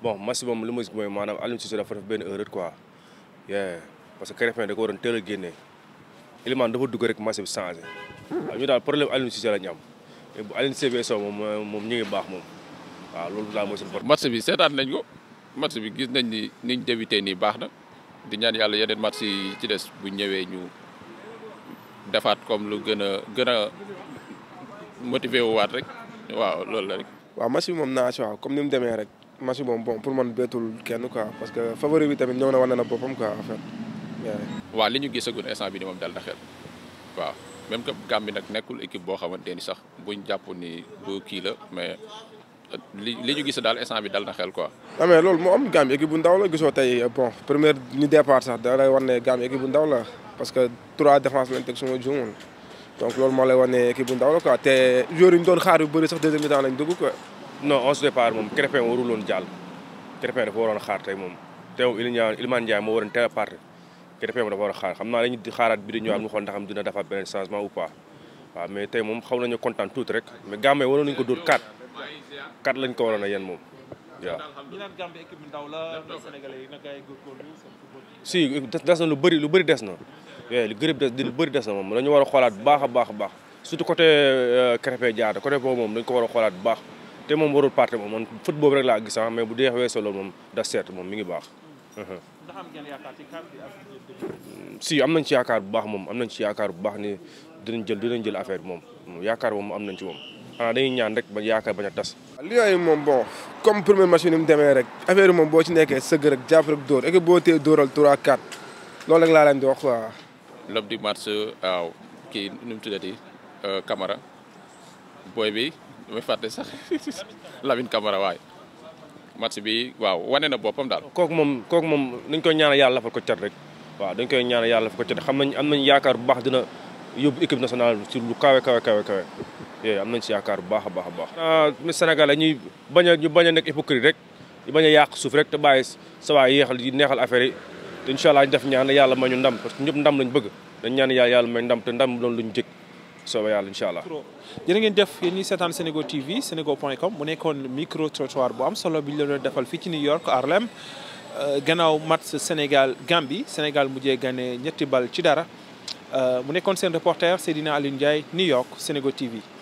bon match moom li ma gis mooy maanaam Aliou Cissé dafa def benn erreur quoi parce que Krépin da ko waroon teel a génne Iliman dafa dugg rek match bi changé waaw ñu daal problème Aliou Cissé la ñu am bu Aliou Cissé bi moom ñu ngi baax moom waaw loolu daal mooy seen problème. match bi seetaan nañ ko match bi gis nañ ni niñ débuté nii baax na di ñaan yàlla yeneen match yi ci des bu ñëwee ñu defaat comme lu gën a gën a motivé wu rek waaw loolu la rek. waaw match bi moom naa si waaw comme ni mu demee rek. match bi moom bon pour man beetul kenn quoi parce que favori bi tamit ñëw na wane na boppam quoi en fait. waaw li ñu gisagul instant bi ni moom dal na xel waaw même que Gambie nag nekkul équipe boo xamante ni sax buñ jàpp ni bu kii la mais li li ñu gis daal instant bi dal na xel quoi. ah mais loolu moo am Gambie équipe bu ndaw la gisoo tey bon première ñu départ sax da lay wan ne Gambie équipe bu ndaw la parce que trois défense lañ teg suma juumul donc loolu moo lay wan ne ndaw la te joueurs yi doon xaar yu bëri sax deuxième mi-temps lañ dugg non onze départ moom Krépin warul woon jàll Krépin dafa waroon xaar tey moom te teew Iliman Ndiaye moo waroon teel a parti Krépin moom dafa war a xaar xam naa dañuy xaaraat bi di ñëwaat mu xool ndax am dina defaat beneen changement ou pas waaw mais tey moom xaw nañu kontaan tuuti rek mais Gambey waroon nañu ko dóor 4 4 lañ ko waroon a yéen moom waaw. ñu naan la Sénégalais yi nag ay si des na lu bari lu bëri des na lu gërëb des lu bëri des na moom dañu war a xoolaat bu baax a baax a baax surtout côté Krépin euh, Diatta côté boobu moom dañu ko war a xoolaat bu baax te moom warul parte moom man foot boobu rek laa gis ah mais bu dee weesoo loolu moom da seet moom mi ngi baax. si am nañ ci yaakaar bu baax moom am nañ ci yaakaar bu baax ni dinañ jël dinañ jël affaire bi moom yaakaar moom am nañ ci moom xanaa dañuy ñaan rek ba yaakaar bañ a tas. li yooyu moom bon comme premier match ni demee rek affaire moom boo ci nekkee sëgg rek jàpp rek dóor équipe boo tee dóoral 3 4 loolu rek laa leen di wax quoi. lob di match euh, kii nu mu tuddati euh, Camara bi. damay fàtte sax Lamine Camara waay match bi waaw wane na boppam daal. kook moom kooku moom dañ koy ñaanal yàlla lafal ko cat rek waaw dañ koy ñaanal yàlla lafal ko cat xam nañ am nañ yaakaar bu baax dina yóbbu équipe nationale ci lu kawe kawe kawe kawe yooyu am nañ bu baax a baax a baax. Ah, Sénégal ñuy bañ a ñu bañ a nekk hypocrite rek ñu bañ a yàq suuf rek te bàyyi sa waay yéexal di neexal affaire yi te incha allah ñu def ñaan yàlla may ñu ndam parce que ñëpp ndam lañ bëgg dañ ñaan yàlla yàlla may ndam te ndam loolu ñu jëkk soobee yàlla incha allah. jërë ngeen jëf yéen ñi seetaan Sénégo TV sénégo.com mu nekkoon micro trottoir bu am solo bi ñu leen defal fii ci New York Harlem euh, gannaaw mat Sénégal Gambie Sénégal mujjee ganne ñetti bal ci dara euh, mu nekkoon seen reporter Seydina Aliou Ndiaye New York Sénégo TV.